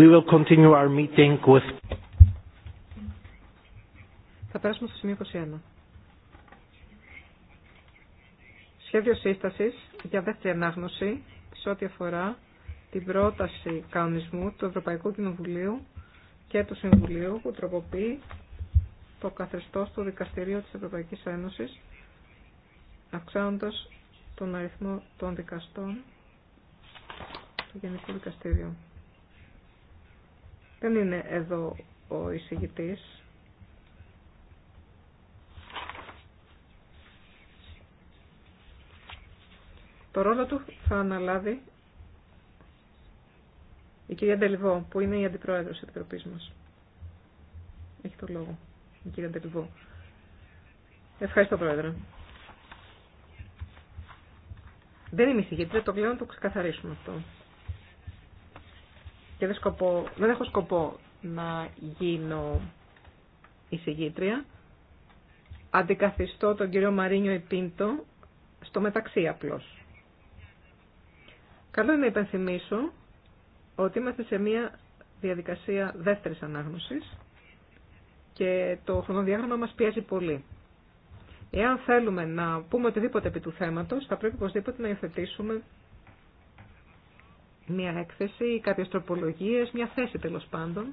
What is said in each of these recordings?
We will continue our meeting with... Θα περάσουμε στο σημείο 21. Σχέδιο σύσταση για δεύτερη ανάγνωση σε ό,τι αφορά την πρόταση κανονισμού του Ευρωπαϊκού Κοινοβουλίου και του Συμβουλίου που τροποποιεί το καθεστώ του Δικαστηρίου της Ευρωπαϊκής Ένωσης αυξάνοντας τον αριθμό των δικαστών του Γενικού Δικαστηρίου. Δεν είναι εδώ ο εισηγητής. Το ρόλο του θα αναλάβει η κυρία Ντελβό, που είναι η αντιπρόεδρος της Επιτροπής μας. Έχει το λόγο, η κυρία Ντελβό. Ευχαριστώ, Πρόεδρε. Δεν είμαι εισηγητή. το πλέον το ξεκαθαρίσουμε αυτό και δεν, έχω σκοπό να γίνω εισηγήτρια. Αντικαθιστώ τον κύριο Μαρίνιο Επίντο στο μεταξύ απλώς. Καλό είναι να υπενθυμίσω ότι είμαστε σε μια διαδικασία δεύτερης ανάγνωσης και το χρονοδιάγραμμα μας πιέζει πολύ. Εάν θέλουμε να πούμε οτιδήποτε επί του θέματος, θα πρέπει οπωσδήποτε να υιοθετήσουμε μια έκθεση ή κάποιες τροπολογίες, μια θέση τέλος πάντων,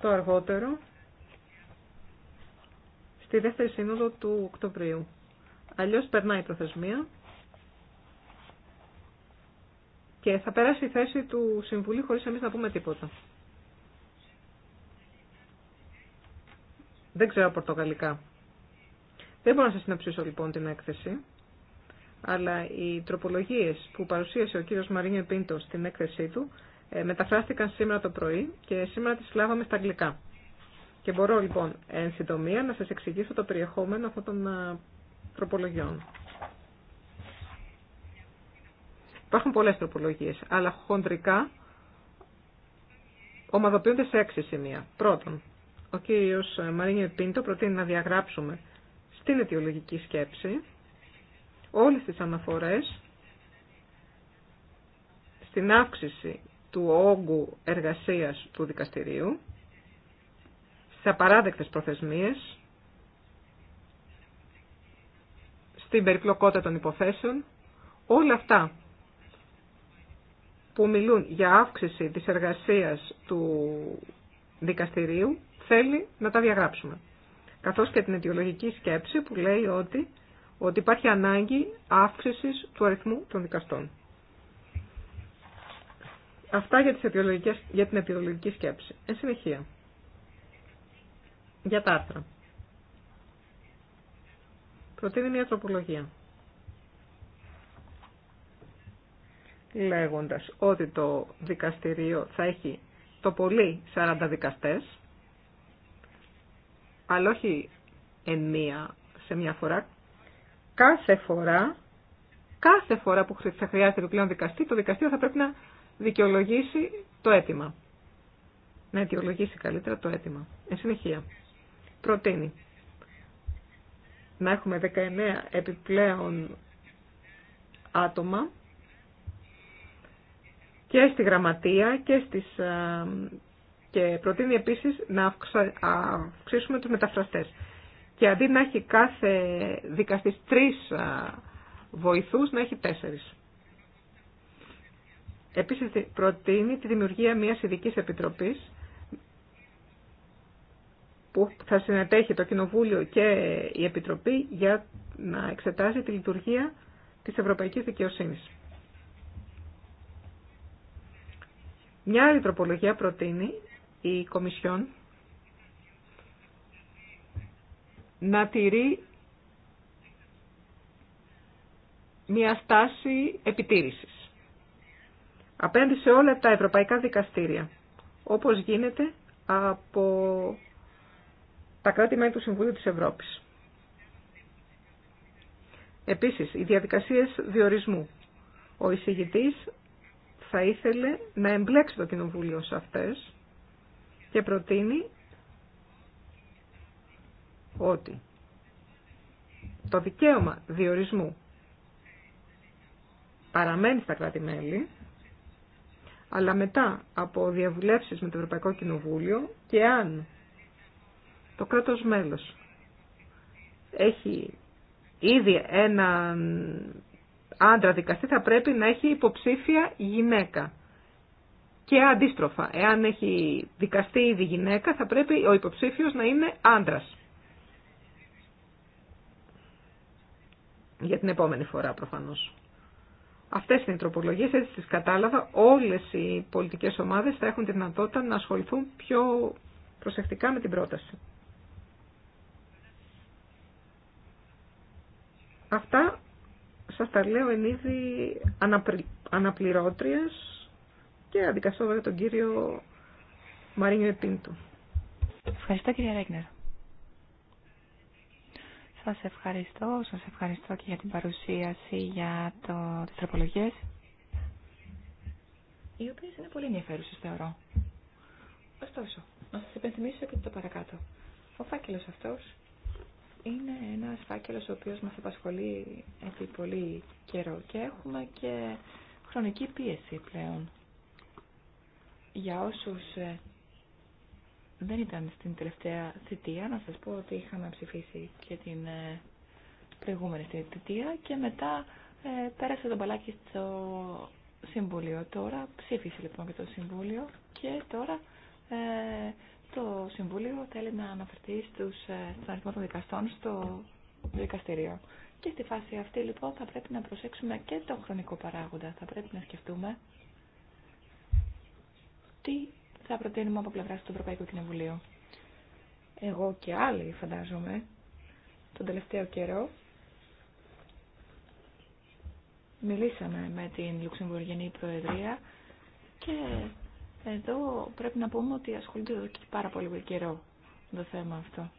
το αργότερο, στη δεύτερη σύνοδο του Οκτωβρίου. Αλλιώς περνάει η προθεσμία και θα περάσει η θέση του Συμβουλίου χωρίς εμείς να πούμε τίποτα. Δεν ξέρω πορτογαλικά. Δεν μπορώ να σας συνεψίσω λοιπόν την έκθεση αλλά οι τροπολογίες που παρουσίασε ο κύριος Μαρίνιο Πίντο στην έκθεσή του ε, μεταφράστηκαν σήμερα το πρωί και σήμερα τις λάβαμε στα αγγλικά. Και μπορώ λοιπόν εν συντομία να σας εξηγήσω το περιεχόμενο αυτών των ε, τροπολογιών. Υπάρχουν πολλές τροπολογίες, αλλά χοντρικά ομαδοποιούνται σε έξι σημεία. Πρώτον, ο κύριος Μαρίνιο Πίντο προτείνει να διαγράψουμε στην αιτιολογική σκέψη όλες τις αναφορές στην αύξηση του όγκου εργασίας του δικαστηρίου, στι απαράδεκτες προθεσμίες, στην περιπλοκότητα των υποθέσεων, όλα αυτά που μιλούν για αύξηση της εργασίας του δικαστηρίου, θέλει να τα διαγράψουμε. Καθώς και την αιτιολογική σκέψη που λέει ότι ότι υπάρχει ανάγκη αύξησης του αριθμού των δικαστών. Αυτά για, την αιτιολογική σκέψη. Εν συνεχεία, για τα άρθρα. Προτείνει μια τροπολογία. Λέγοντας ότι το δικαστηρίο θα έχει το πολύ 40 δικαστές, αλλά όχι εν μία σε μια φορά, κάθε φορά, κάθε φορά που θα χρειάζεται επιπλέον δικαστή, το δικαστήριο θα πρέπει να δικαιολογήσει το αίτημα. Να δικαιολογήσει καλύτερα το αίτημα. Εν συνεχεία, προτείνει να έχουμε 19 επιπλέον άτομα και στη γραμματεία και στις... Ε, και προτείνει επίσης να αυξήσουμε τους μεταφραστές και αντί να έχει κάθε δικαστής τρεις βοηθούς, να έχει τέσσερις. Επίσης προτείνει τη δημιουργία μιας ειδικής επιτροπής που θα συνετέχει το Κοινοβούλιο και η Επιτροπή για να εξετάζει τη λειτουργία της Ευρωπαϊκής Δικαιοσύνης. Μια άλλη τροπολογία προτείνει η Κομισιόν να τηρεί μια στάση επιτήρησης. Απέναντι σε όλα τα ευρωπαϊκά δικαστήρια, όπως γίνεται από τα κράτη-μέλη του Συμβουλίου της Ευρώπης. Επίσης, οι διαδικασίες διορισμού. Ο εισηγητής θα ήθελε να εμπλέξει το Κοινοβούλιο σε αυτές και προτείνει ότι το δικαίωμα διορισμού παραμένει στα κράτη-μέλη, αλλά μετά από διαβουλεύσεις με το Ευρωπαϊκό Κοινοβούλιο και αν το κράτος μέλος έχει ήδη ένα άντρα δικαστή, θα πρέπει να έχει υποψήφια γυναίκα. Και αντίστροφα, εάν έχει δικαστή ήδη γυναίκα, θα πρέπει ο υποψήφιος να είναι άντρας. Για την επόμενη φορά προφανώς. Αυτές είναι οι τροπολογίες, έτσι τις κατάλαβα. Όλες οι πολιτικές ομάδες θα έχουν τη δυνατότητα να ασχοληθούν πιο προσεκτικά με την πρόταση. Αυτά σας τα λέω εν είδη αναπληρώτριας και αντικαστώ βέβαια τον κύριο Μαρίνιο Επίντου. Ευχαριστώ κύριε Ρέγνερ. Σας ευχαριστώ. Σας ευχαριστώ και για την παρουσίαση για το, τις τροπολογίες. Οι οποίες είναι πολύ ενδιαφέρουσες θεωρώ. Ωστόσο, να σας υπενθυμίσω και το παρακάτω. Ο φάκελος αυτός είναι ένας φάκελος ο οποίος μας απασχολεί επί πολύ καιρό και έχουμε και χρονική πίεση πλέον. Για όσους ε, δεν ήταν στην τελευταία θητεία, να σας πω ότι είχαμε ψηφίσει και την ε, προηγούμενη θητεία και μετά ε, πέρασε το μπαλάκι στο Συμβούλιο. Τώρα ψήφισε λοιπόν και το Συμβούλιο και τώρα ε, το Συμβούλιο θέλει να αναφερθεί στους, στον των δικαστών στο δικαστήριο. Και στη φάση αυτή λοιπόν θα πρέπει να προσέξουμε και τον χρονικό παράγοντα. Θα πρέπει να σκεφτούμε τι θα προτείνουμε από πλευρά του Ευρωπαϊκού Κοινοβουλίου. Εγώ και άλλοι φαντάζομαι τον τελευταίο καιρό μιλήσαμε με την Λουξεμβουργενή Προεδρία και εδώ πρέπει να πούμε ότι ασχολείται εδώ και πάρα πολύ καιρό το θέμα αυτό.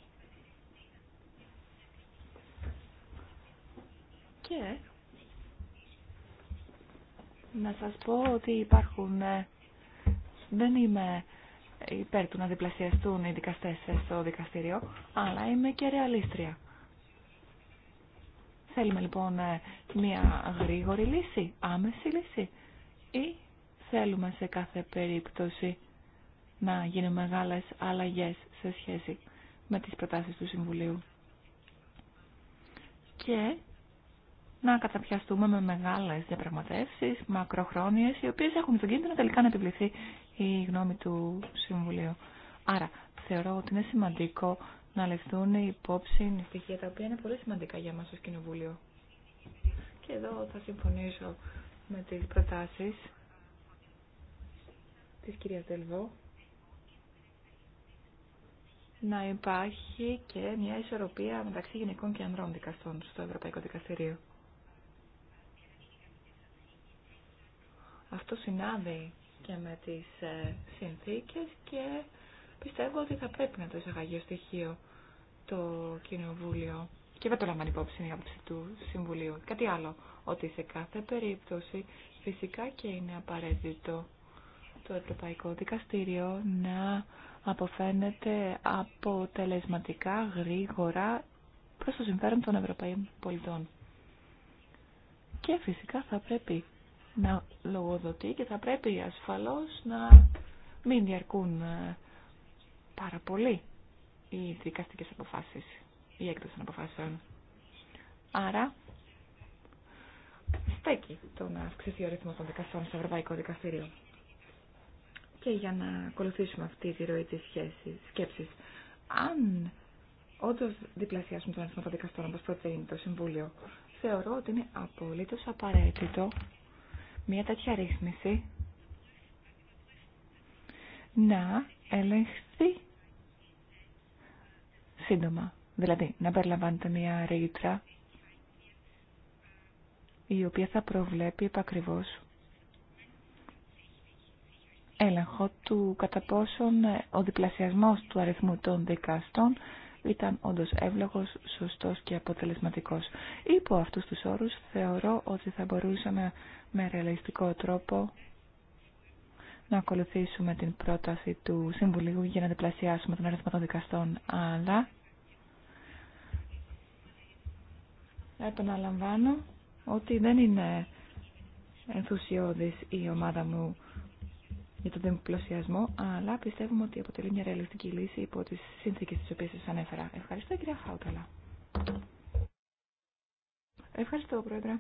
Και να σας πω ότι υπάρχουν ε, δεν είμαι υπέρ του να διπλασιαστούν οι δικαστές στο δικαστήριο, αλλά είμαι και ρεαλίστρια. Θέλουμε λοιπόν μια γρήγορη λύση, άμεση λύση ή θέλουμε σε κάθε περίπτωση να γίνουν μεγάλες αλλαγές σε σχέση με τις προτάσεις του Συμβουλίου. Και να καταπιαστούμε με μεγάλες διαπραγματεύσεις, μακροχρόνιες, οι οποίες έχουν τον κίνδυνο τελικά να επιβληθεί η γνώμη του Συμβουλίου. Άρα, θεωρώ ότι είναι σημαντικό να η υπόψη στοιχεία τα οποία είναι πολύ σημαντικά για μας ως Κοινοβούλιο. Και εδώ θα συμφωνήσω με τις προτάσεις της κυρία Δελβό να υπάρχει και μια ισορροπία μεταξύ γυναικών και ανδρών δικαστών στο Ευρωπαϊκό Δικαστηρίο. Αυτό συνάδει και με τις ε, συνθήκες και πιστεύω ότι θα πρέπει να το εισαγαγεί ως στοιχείο το Κοινοβούλιο και δεν το λαμβάνει υπόψη η άποψη του Συμβουλίου. Κάτι άλλο, ότι σε κάθε περίπτωση φυσικά και είναι απαραίτητο το Ευρωπαϊκό Δικαστήριο να αποφαίνεται αποτελεσματικά γρήγορα προς το συμφέρον των Ευρωπαίων πολιτών. Και φυσικά θα πρέπει να λογοδοτεί και θα πρέπει ασφαλώς να μην διαρκούν ε, πάρα πολύ οι δικαστικές αποφάσεις, οι έκδοση των αποφάσεων. Άρα, στέκει το να αυξηθεί ο ρυθμός των δικαστών στο Ευρωπαϊκό Δικαστήριο. Και για να ακολουθήσουμε αυτή τη ροή της σκέψης, αν όντω διπλασιάσουμε τον αριθμό των δικαστών όπως προτείνει το Συμβούλιο, θεωρώ ότι είναι απολύτως απαραίτητο μια τέτοια ρύθμιση να ελεγχθεί σύντομα. Δηλαδή, να περιλαμβάνεται μια ρήτρα η οποία θα προβλέπει επακριβώς έλεγχο του κατά πόσον ο διπλασιασμός του αριθμού των δικαστών ήταν όντω εύλογος, σωστός και αποτελεσματικός. Υπό αυτούς τους όρους θεωρώ ότι θα μπορούσαμε με ρεαλιστικό τρόπο να ακολουθήσουμε την πρόταση του Συμβουλίου για να διπλασιάσουμε τον αριθμό των δικαστών, αλλά επαναλαμβάνω ότι δεν είναι ενθουσιώδης η ομάδα μου για τον διπλασιασμό, αλλά πιστεύουμε ότι αποτελεί μια ρεαλιστική λύση υπό τις συνθήκες τι οποίες σα ανέφερα. Ευχαριστώ, κυρία Χάουταλα. Ευχαριστώ, Πρόεδρε.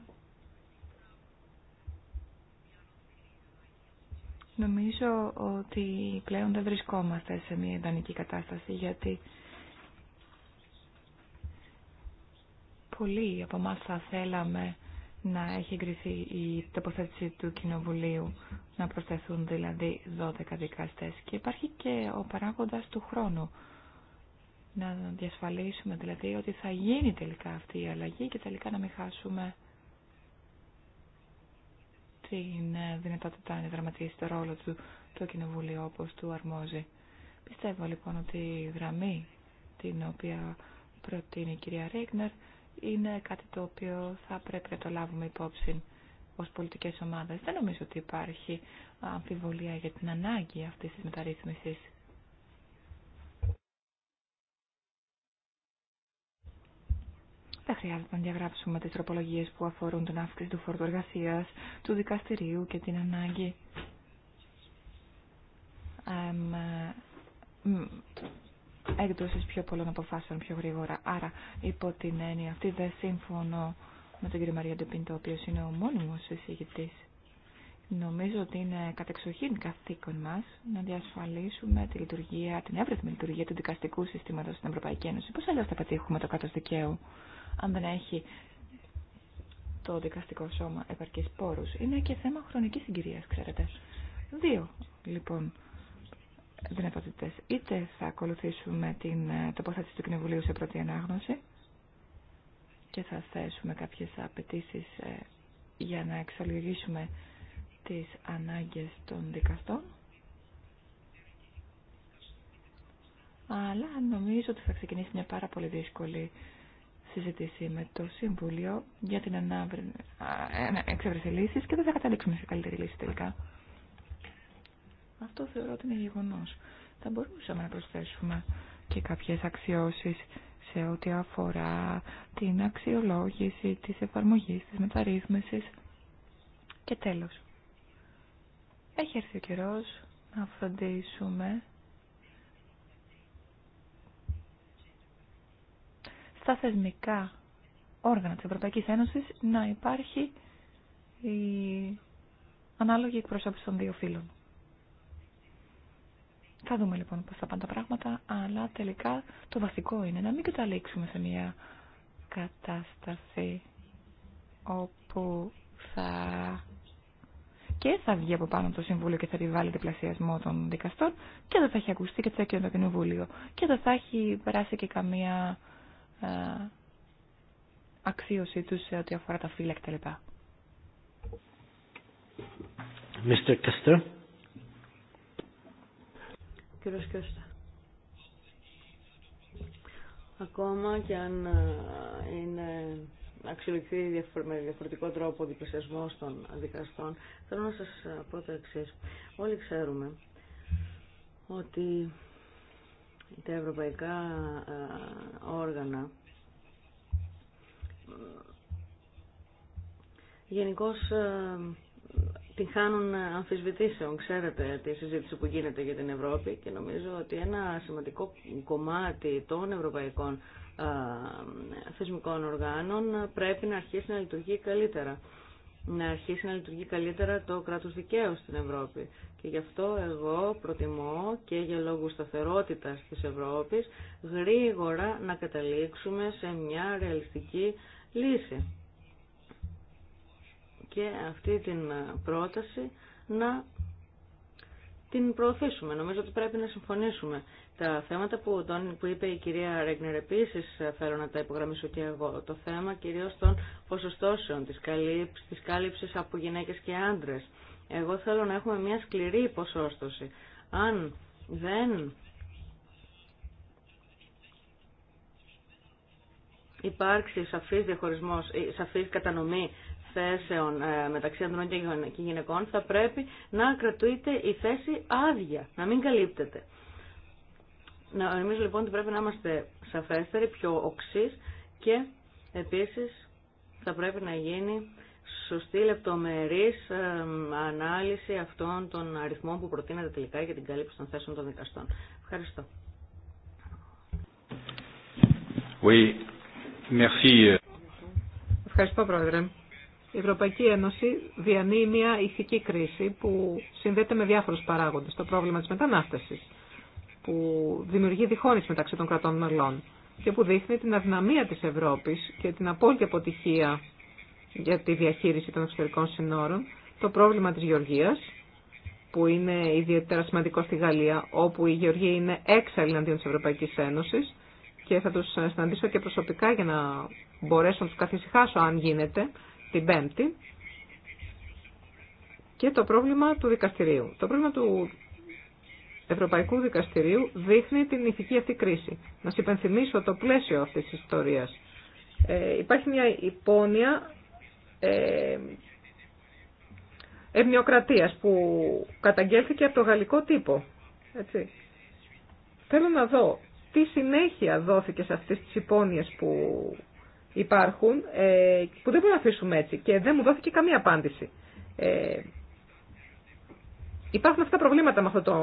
Νομίζω ότι πλέον δεν βρισκόμαστε σε μια ιδανική κατάσταση, γιατί πολλοί από εμά θα θέλαμε να έχει εγκριθεί η τοποθέτηση του Κοινοβουλίου, να προσθεθούν δηλαδή 12 δικαστές. Και υπάρχει και ο παράγοντας του χρόνου. Να διασφαλίσουμε δηλαδή ότι θα γίνει τελικά αυτή η αλλαγή και τελικά να μην χάσουμε την δυνατότητα να δραματίσει το ρόλο του το Κοινοβούλιο όπως του αρμόζει. Πιστεύω λοιπόν ότι η γραμμή την οποία προτείνει η κυρία Ρίγνερ είναι κάτι το οποίο θα πρέπει να το λάβουμε υπόψη ως πολιτικές ομάδες. Δεν νομίζω ότι υπάρχει αμφιβολία για την ανάγκη αυτής της μεταρρύθμισης. Δεν χρειάζεται να διαγράψουμε τις τροπολογίες που αφορούν την αύξηση του φόρτου του δικαστηρίου και την ανάγκη έκδοσης πιο πολλών αποφάσεων πιο γρήγορα. Άρα, υπό την έννοια αυτή δεν σύμφωνο με τον κύριο Μαρία Ντεπίντο, ο οποίο είναι ο μόνιμο εισηγητή. Νομίζω ότι είναι κατεξοχήν καθήκον μα να διασφαλίσουμε τη λειτουργία, την εύρυθμη λειτουργία του δικαστικού συστήματο στην Ευρωπαϊκή Ένωση. Πώ αλλιώ θα πετύχουμε το κράτο δικαίου, αν δεν έχει το δικαστικό σώμα επαρκή πόρου. Είναι και θέμα χρονική συγκυρία, ξέρετε. Δύο, λοιπόν, δυνατότητες. Είτε θα ακολουθήσουμε την ε, τοποθέτηση του Κοινοβουλίου σε πρώτη ανάγνωση και θα θέσουμε κάποιες απαιτήσει ε, για να εξολογήσουμε τις ανάγκες των δικαστών. Αλλά νομίζω ότι θα ξεκινήσει μια πάρα πολύ δύσκολη συζήτηση με το Συμβούλιο για την ανάβρη... Ε, εξέβρεση και δεν θα καταλήξουμε σε καλύτερη λύση τελικά. Αυτό θεωρώ ότι είναι γεγονό. Θα μπορούσαμε να προσθέσουμε και κάποιες αξιώσεις σε ό,τι αφορά την αξιολόγηση της εφαρμογή, της μεταρρύθμισης και τέλος. Έχει έρθει ο καιρό να φροντίσουμε στα θεσμικά όργανα της Ευρωπαϊκής Ένωσης να υπάρχει η ανάλογη εκπροσώπηση των δύο φύλων. Θα δούμε λοιπόν πώς θα πάνε τα πράγματα, αλλά τελικά το βασικό είναι να μην καταλήξουμε σε μια κατάσταση όπου θα και θα βγει από πάνω το Συμβούλιο και θα επιβάλλει διπλασιασμό των δικαστών και δεν θα έχει ακουστεί και το Κοινοβούλιο και δεν θα έχει περάσει και καμία α, ε, αξίωση τους σε ό,τι αφορά τα φύλλα κτλ. Mr. Ακόμα και αν ε, είναι αξιολογηθεί με διαφορετικό τρόπο ο διπλασιασμό των δικαστών, θέλω να σα ε, πω το εξή. Όλοι ξέρουμε ότι τα ευρωπαϊκά ε, όργανα γενικώ την χάνουν αμφισβητήσεων. Ξέρετε τη συζήτηση που γίνεται για την Ευρώπη και νομίζω ότι ένα σημαντικό κομμάτι των ευρωπαϊκών θεσμικών οργάνων πρέπει να αρχίσει να λειτουργεί καλύτερα. Να αρχίσει να λειτουργεί καλύτερα το κράτος δικαίου στην Ευρώπη. Και γι' αυτό εγώ προτιμώ και για λόγους σταθερότητας της Ευρώπης γρήγορα να καταλήξουμε σε μια ρεαλιστική λύση και αυτή την ε, πρόταση να την προωθήσουμε. Νομίζω ότι πρέπει να συμφωνήσουμε. Τα θέματα που, τον, που είπε η κυρία Ρέγνερ επίση ε, θέλω να τα υπογραμμίσω και εγώ. Το θέμα κυρίω των ποσοστώσεων, τη κάλυψης, της από γυναίκε και άντρε. Εγώ θέλω να έχουμε μια σκληρή ποσόστοση. Αν δεν υπάρξει σαφής διαχωρισμός, σαφής κατανομή ε, μεταξύ ανδρών και γυναικών θα πρέπει να κρατούνται η θέση άδεια, να μην καλύπτεται. Νομίζω λοιπόν ότι πρέπει να είμαστε σαφέστεροι, πιο οξείς και επίσης θα πρέπει να γίνει σωστή λεπτομερής ε, ανάλυση αυτών των αριθμών που προτείνεται τελικά για την κάλυψη των θέσεων των δικαστών. Ευχαριστώ. Ευχαριστώ, Πρόεδρε η Ευρωπαϊκή Ένωση διανύει μια ηθική κρίση που συνδέεται με διάφορους παράγοντες. Το πρόβλημα της μετανάστευσης που δημιουργεί διχόνηση μεταξύ των κρατών μελών και που δείχνει την αδυναμία της Ευρώπης και την απόλυτη αποτυχία για τη διαχείριση των εξωτερικών συνόρων, το πρόβλημα της Γεωργίας, που είναι ιδιαίτερα σημαντικό στη Γαλλία, όπου η Γεωργία είναι έξαλλη αντίον της Ευρωπαϊκής Ένωσης και θα τους συναντήσω και προσωπικά για να μπορέσω να του καθησυχάσω αν γίνεται, την Πέμπτη και το πρόβλημα του δικαστηρίου. Το πρόβλημα του Ευρωπαϊκού Δικαστηρίου δείχνει την ηθική αυτή κρίση. Να σας υπενθυμίσω το πλαίσιο αυτής της ιστορίας. Ε, υπάρχει μια υπόνοια ε, που καταγγέλθηκε από το γαλλικό τύπο. Έτσι. Θέλω να δω τι συνέχεια δόθηκε σε αυτές τις υπόνοιες που υπάρχουν ε, που δεν μπορούμε να αφήσουμε έτσι και δεν μου δόθηκε καμία απάντηση. Ε, υπάρχουν αυτά τα προβλήματα με αυτό το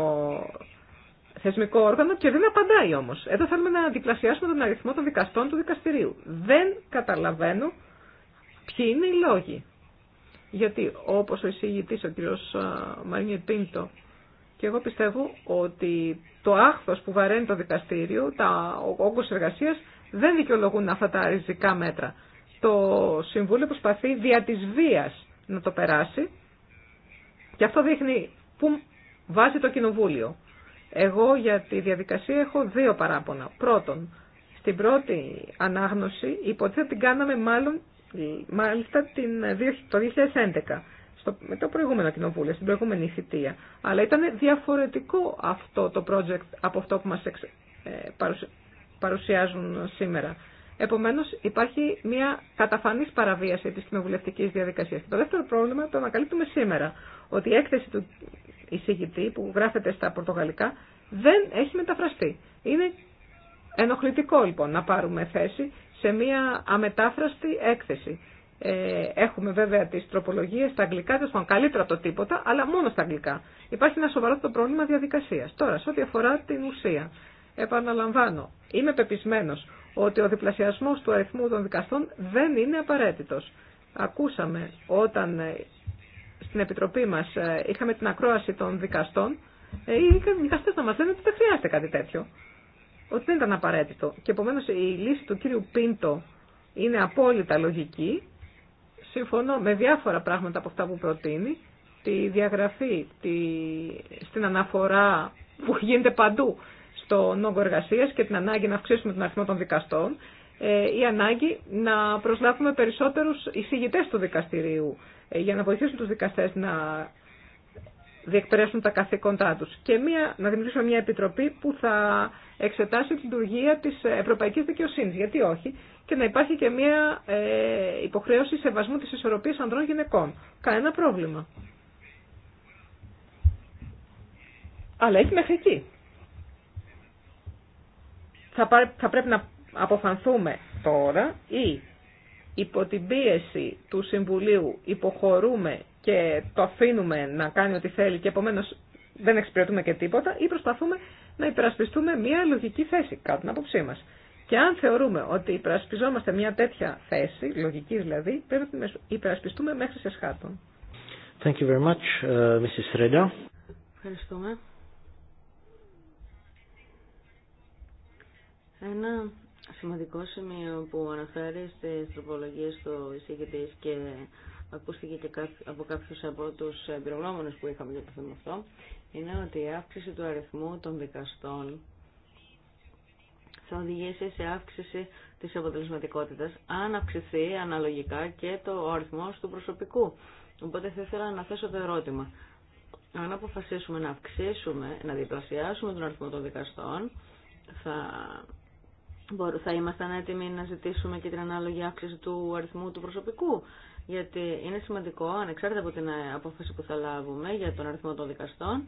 θεσμικό όργανο και δεν απαντάει όμως. Εδώ θέλουμε να αντιπλασιάσουμε τον αριθμό των δικαστών του δικαστηρίου. Δεν καταλαβαίνω ποιοι είναι οι λόγοι. Γιατί όπως ο εισηγητή ο κ. Μαρίνιε Πίντο και εγώ πιστεύω ότι το άχθος που βαραίνει το δικαστήριο, τα όγκος εργασίας δεν δικαιολογούν αυτά τα ριζικά μέτρα. Το Συμβούλιο προσπαθεί δια της βίας να το περάσει και αυτό δείχνει πού βάζει το Κοινοβούλιο. Εγώ για τη διαδικασία έχω δύο παράπονα. Πρώτον, στην πρώτη ανάγνωση υποτίθεται την κάναμε μάλλον, μάλιστα την, το 2011 στο, με το προηγούμενο κοινοβούλιο, στην προηγούμενη θητεία. Αλλά ήταν διαφορετικό αυτό το project από αυτό που μας εξ, ε, παρουσιάζουν σήμερα. Επομένω, υπάρχει μια καταφανή παραβίαση τη κοινοβουλευτική διαδικασία. Το δεύτερο πρόβλημα το ανακαλύπτουμε σήμερα. Ότι η έκθεση του εισηγητή που γράφεται στα πορτογαλικά δεν έχει μεταφραστεί. Είναι ενοχλητικό λοιπόν να πάρουμε θέση σε μια αμετάφραστη έκθεση. Ε, έχουμε βέβαια τι τροπολογίε στα αγγλικά, τέλο πάντων καλύτερα από το τίποτα, αλλά μόνο στα αγγλικά. Υπάρχει ένα σοβαρό το πρόβλημα διαδικασία. Τώρα, σε ό,τι αφορά την ουσία. Επαναλαμβάνω, είμαι πεπισμένος ότι ο διπλασιασμός του αριθμού των δικαστών δεν είναι απαραίτητος. Ακούσαμε όταν ε, στην Επιτροπή μας ε, είχαμε την ακρόαση των δικαστών, ε, οι δικαστές να μας λένε ότι δεν χρειάζεται κάτι τέτοιο, ότι δεν ήταν απαραίτητο. Και επομένω η λύση του κύριου Πίντο είναι απόλυτα λογική, συμφωνώ με διάφορα πράγματα από αυτά που προτείνει, τη διαγραφή, τη... στην αναφορά που γίνεται παντού το όγκο εργασία και την ανάγκη να αυξήσουμε τον αριθμό των δικαστών, ε, η ανάγκη να προσλάβουμε περισσότερους εισηγητές του δικαστηρίου ε, για να βοηθήσουν τους δικαστές να διεκπαιρέσουν τα καθήκοντά τους και μια, να δημιουργήσουμε μια επιτροπή που θα εξετάσει τη λειτουργία της ευρωπαϊκής δικαιοσύνης, γιατί όχι, και να υπάρχει και μια ε, υποχρέωση σεβασμού της ισορροπίας ανδρών γυναικών. Κανένα πρόβλημα. Αλλά έχει μέχρι θα πρέπει να αποφανθούμε τώρα ή υπό την πίεση του Συμβουλίου υποχωρούμε και το αφήνουμε να κάνει ό,τι θέλει και επομένως δεν εξυπηρετούμε και τίποτα ή προσπαθούμε να υπερασπιστούμε μια λογική θέση κάτω την άποψή μας. Και αν θεωρούμε ότι υπερασπιζόμαστε μια τέτοια θέση, λογική δηλαδή, πρέπει να υπερασπιστούμε μέχρι σε σχάτων. Thank you very much, uh, Mrs. Ευχαριστούμε. Ένα σημαντικό σημείο που αναφέρει στις τροπολογίες του εισηγητή και ακούστηκε και από κάποιου από τους εμπειρογνώμονε που είχαμε για το θέμα αυτό, είναι ότι η αύξηση του αριθμού των δικαστών θα οδηγήσει σε αύξηση της αποτελεσματικότητας, αν αυξηθεί αναλογικά και το αριθμό του προσωπικού. Οπότε θα ήθελα να θέσω το ερώτημα. Αν αποφασίσουμε να αυξήσουμε, να διπλασιάσουμε τον αριθμό των δικαστών, θα θα ήμασταν έτοιμοι να ζητήσουμε και την ανάλογη αύξηση του αριθμού του προσωπικού. Γιατί είναι σημαντικό, ανεξάρτητα από την ε, απόφαση που θα λάβουμε για τον αριθμό των δικαστών,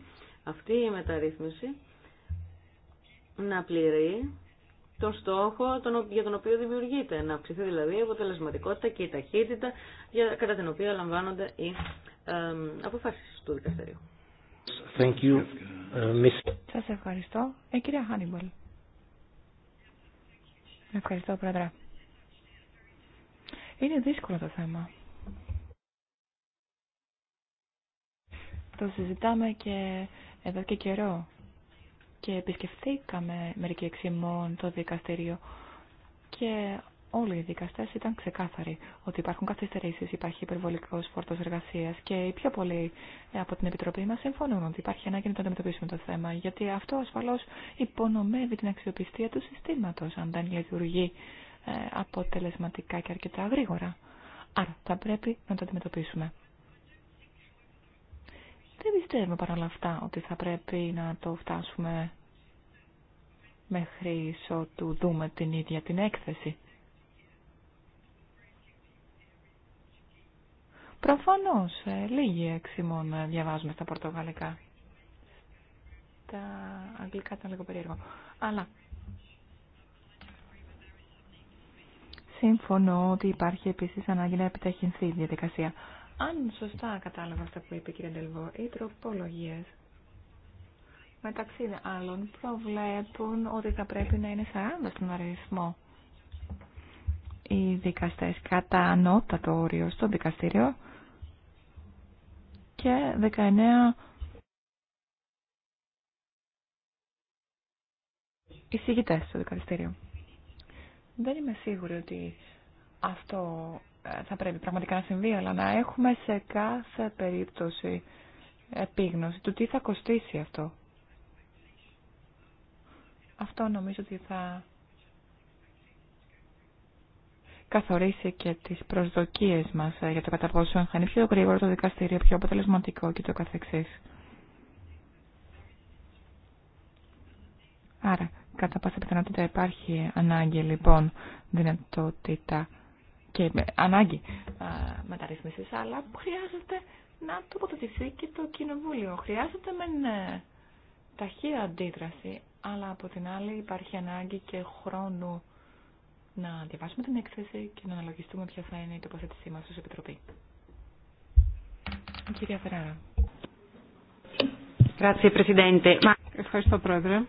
αυτή η μεταρρύθμιση να πληρεί τον στόχο για τον οποίο δημιουργείται. Να αυξηθεί δηλαδή η αποτελεσματικότητα και η ταχύτητα κατά την οποία λαμβάνονται οι ε, αποφάσεις του δικαστηρίου. Ε, Σα ευχαριστώ. Ε, κυρία Χάνιμπολ. Ευχαριστώ, Πρόεδρε. Είναι δύσκολο το θέμα. Το συζητάμε και εδώ και καιρό. Και επισκεφθήκαμε μερικοί εξημών το δικαστήριο και όλοι οι δικαστέ ήταν ξεκάθαροι ότι υπάρχουν καθυστερήσει, υπάρχει υπερβολικό φόρτο εργασία και οι πιο πολλοί από την Επιτροπή μα συμφωνούν ότι υπάρχει ανάγκη να το αντιμετωπίσουμε το θέμα. Γιατί αυτό ασφαλώ υπονομεύει την αξιοπιστία του συστήματο, αν δεν λειτουργεί ε, αποτελεσματικά και αρκετά γρήγορα. Άρα θα πρέπει να το αντιμετωπίσουμε. Δεν πιστεύουμε όλα αυτά ότι θα πρέπει να το φτάσουμε μέχρι ότου δούμε την ίδια την έκθεση. Προφανώς, ε, λίγοι εξημών ε, διαβάζουμε στα πορτογαλικά. Τα αγγλικά ήταν λίγο περίεργο. Αλλά σύμφωνο ότι υπάρχει επίσης ανάγκη να επιταχυνθεί η διαδικασία. Αν σωστά κατάλαβα αυτά που είπε η κυρία Ντελβό, οι τροπολογίες μεταξύ άλλων προβλέπουν ότι θα πρέπει να είναι 40 στον αριθμό οι δικαστές κατά ανώτατο όριο στο δικαστήριο και 19 Εισηγητέ στο δικαστήριο. Δεν είμαι σίγουρη ότι αυτό ε, θα πρέπει πραγματικά να συμβεί, αλλά να έχουμε σε κάθε περίπτωση επίγνωση του τι θα κοστίσει αυτό. Αυτό νομίζω ότι θα καθορίσει και τι προσδοκίε μα ε, για το κατά πόσο θα είναι πιο γρήγορο το δικαστήριο, πιο αποτελεσματικό και το καθεξής. Άρα, κατά πάσα πιθανότητα υπάρχει ανάγκη λοιπόν δυνατότητα και ε, ανάγκη μεταρρύθμιση, αλλά χρειάζεται να τοποθετηθεί και το κοινοβούλιο. Χρειάζεται με ε, ταχεία αντίδραση, αλλά από την άλλη υπάρχει ανάγκη και χρόνου να διαβάσουμε την έκθεση και να αναλογιστούμε ποια θα είναι η τοποθέτησή μας ως Επιτροπή. κυρία Φεράρα. Ευχαριστώ, Πρόεδρε.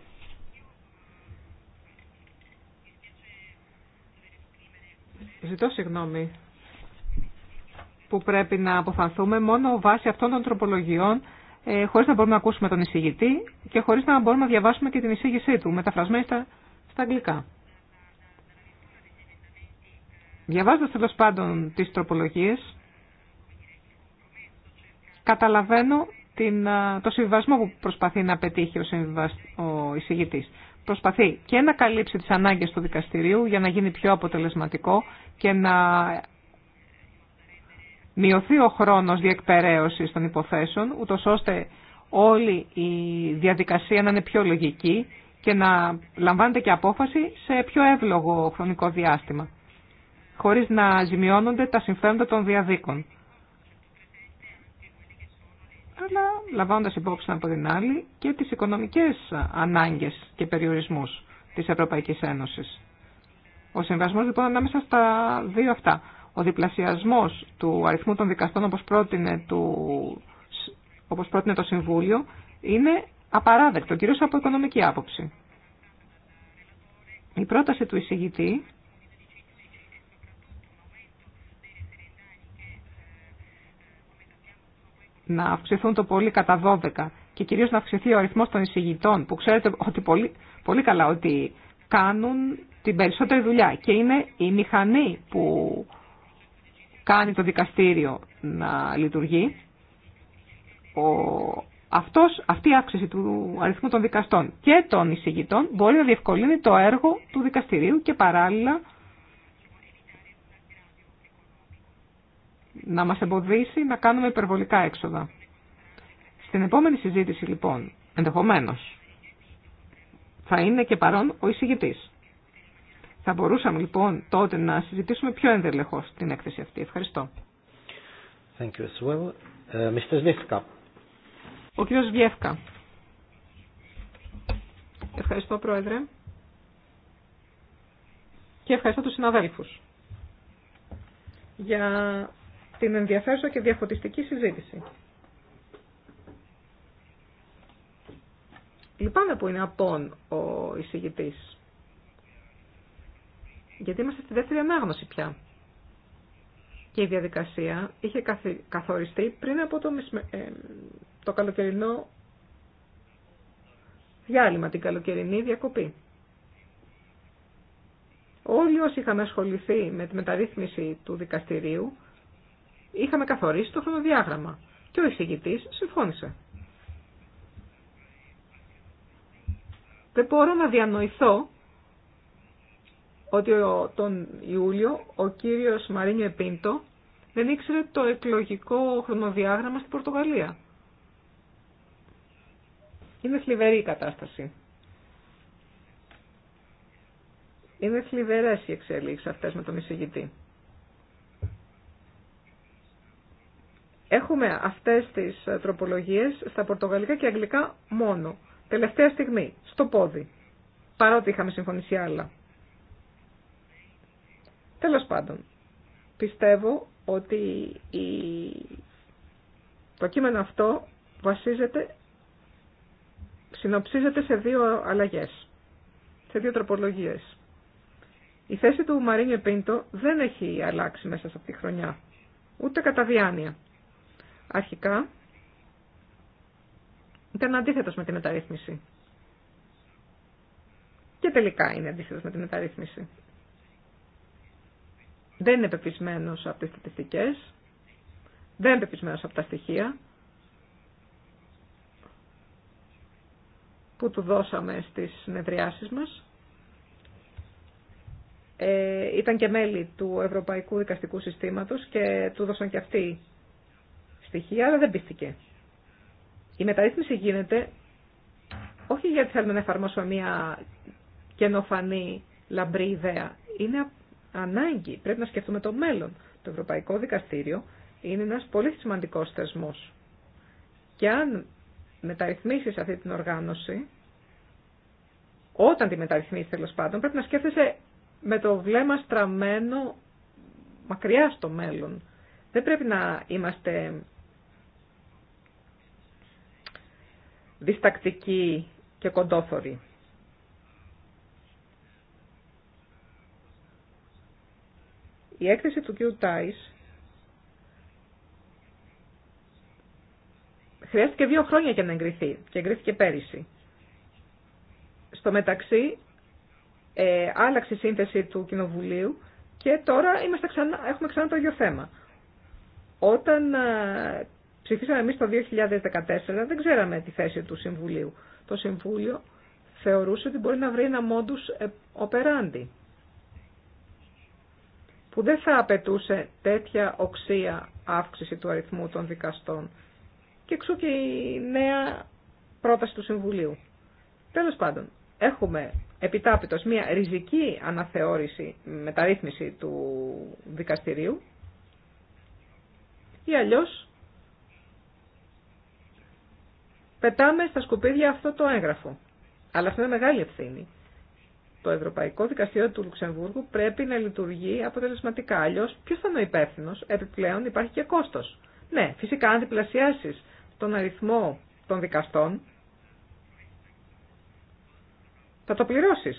Ζητώ συγγνώμη που πρέπει να αποφανθούμε μόνο βάσει αυτών των τροπολογιών ε, χωρίς να μπορούμε να ακούσουμε τον εισηγητή και χωρίς να μπορούμε να διαβάσουμε και την εισήγησή του μεταφρασμένη στα αγγλικά. Διαβάζοντα τέλο πάντων τι τροπολογίε καταλαβαίνω την, το συμβιβασμό που προσπαθεί να πετύχει ο, συμβιβασ... ο Προσπαθεί και να καλύψει τις ανάγκες του δικαστηρίου για να γίνει πιο αποτελεσματικό και να μειωθεί ο χρόνος διεκπαιρέωση των υποθέσεων, ούτω ώστε όλη η διαδικασία να είναι πιο λογική και να λαμβάνεται και απόφαση σε πιο εύλογο χρονικό διάστημα χωρίς να ζημιώνονται τα συμφέροντα των διαδίκων. Αλλά λαμβάνοντας υπόψη από την άλλη και τις οικονομικές ανάγκες και περιορισμούς της Ευρωπαϊκής Ένωσης. Ο συμβασμός λοιπόν ανάμεσα στα δύο αυτά. Ο διπλασιασμός του αριθμού των δικαστών όπως πρότεινε, του, όπως πρότεινε το Συμβούλιο είναι απαράδεκτο, κυρίως από οικονομική άποψη. Η πρόταση του εισηγητή να αυξηθούν το πολύ κατά 12 και κυρίως να αυξηθεί ο αριθμός των εισηγητών που ξέρετε ότι πολύ, πολύ καλά ότι κάνουν την περισσότερη δουλειά και είναι η μηχανή που κάνει το δικαστήριο να λειτουργεί. Ο, αυτός, αυτή η αύξηση του αριθμού των δικαστών και των εισηγητών μπορεί να διευκολύνει το έργο του δικαστηρίου και παράλληλα να μας εμποδίσει να κάνουμε υπερβολικά έξοδα. Στην επόμενη συζήτηση λοιπόν, ενδεχομένως, θα είναι και παρόν ο εισηγητής. Θα μπορούσαμε λοιπόν τότε να συζητήσουμε πιο ενδελεχώς την έκθεση αυτή. Ευχαριστώ. Thank you as well. Uh, Ο κύριος Βιέφκα. Ευχαριστώ Πρόεδρε. Και ευχαριστώ τους συναδέλφους για την ενδιαφέρουσα και διαφωτιστική συζήτηση. Λυπάμαι που είναι απόν ο εισηγητή. Γιατί είμαστε στη δεύτερη ανάγνωση πια. Και η διαδικασία είχε καθοριστεί πριν από το, ε, το καλοκαιρινό διάλειμμα, την καλοκαιρινή διακοπή. Όλοι όσοι είχαμε ασχοληθεί με τη μεταρρύθμιση του δικαστηρίου είχαμε καθορίσει το χρονοδιάγραμμα και ο εισηγητής συμφώνησε. Δεν μπορώ να διανοηθώ ότι τον Ιούλιο ο κύριος Μαρίνιο Επίντο δεν ήξερε το εκλογικό χρονοδιάγραμμα στην Πορτογαλία. Είναι θλιβερή η κατάσταση. Είναι θλιβερές οι εξέλιξεις αυτές με τον εισηγητή. Έχουμε αυτές τις ε, τροπολογίες στα πορτογαλικά και αγγλικά μόνο. Τελευταία στιγμή, στο πόδι. Παρότι είχαμε συμφωνήσει άλλα. Τέλος πάντων, πιστεύω ότι η... το κείμενο αυτό βασίζεται, συνοψίζεται σε δύο αλλαγές, σε δύο τροπολογίες. Η θέση του Μαρίνιο Πίντο δεν έχει αλλάξει μέσα σε αυτή τη χρονιά, ούτε κατά διάνοια αρχικά ήταν αντίθετος με τη μεταρρύθμιση. Και τελικά είναι αντίθετος με τη μεταρρύθμιση. Δεν είναι πεπισμένος από τις στατιστικές, δεν είναι πεπισμένος από τα στοιχεία που του δώσαμε στις συνεδριάσεις μας. Ε, ήταν και μέλη του Ευρωπαϊκού Δικαστικού Συστήματος και του δώσαν και αυτοί στοιχεία, αλλά δεν πίστηκε. Η μεταρρύθμιση γίνεται όχι γιατί θέλουμε να εφαρμόσουμε μια καινοφανή λαμπρή ιδέα. Είναι ανάγκη. Πρέπει να σκεφτούμε το μέλλον. Το Ευρωπαϊκό Δικαστήριο είναι ένας πολύ σημαντικός θεσμός. Και αν μεταρρυθμίσεις αυτή την οργάνωση, όταν τη μεταρρυθμίσεις τέλο πάντων, πρέπει να σκέφτεσαι με το βλέμμα στραμμένο μακριά στο μέλλον. Δεν πρέπει να είμαστε διστακτική και κοντόφορη. Η έκθεση του κ. Τάις χρειάστηκε δύο χρόνια για να εγκριθεί και εγκρίθηκε πέρυσι. Στο μεταξύ ε, άλλαξε η σύνθεση του Κοινοβουλίου και τώρα είμαστε ξανά, έχουμε ξανά το ίδιο θέμα. Όταν ε, ψηφίσαμε εμείς το 2014, δεν ξέραμε τη θέση του Συμβουλίου. Το Συμβούλιο θεωρούσε ότι μπορεί να βρει ένα μόντους operandi ε, που δεν θα απαιτούσε τέτοια οξία αύξηση του αριθμού των δικαστών. Και εξού και η νέα πρόταση του Συμβουλίου. Τέλος πάντων, έχουμε επιτάπητος μια ριζική αναθεώρηση, μεταρρύθμιση του δικαστηρίου ή αλλιώς πετάμε στα σκουπίδια αυτό το έγγραφο. Αλλά αυτό είναι μεγάλη ευθύνη. Το Ευρωπαϊκό Δικαστήριο του Λουξεμβούργου πρέπει να λειτουργεί αποτελεσματικά. Αλλιώ, ποιο θα είναι ο υπεύθυνο, επιπλέον υπάρχει και κόστο. Ναι, φυσικά, αν διπλασιάσει τον αριθμό των δικαστών, θα το πληρώσει.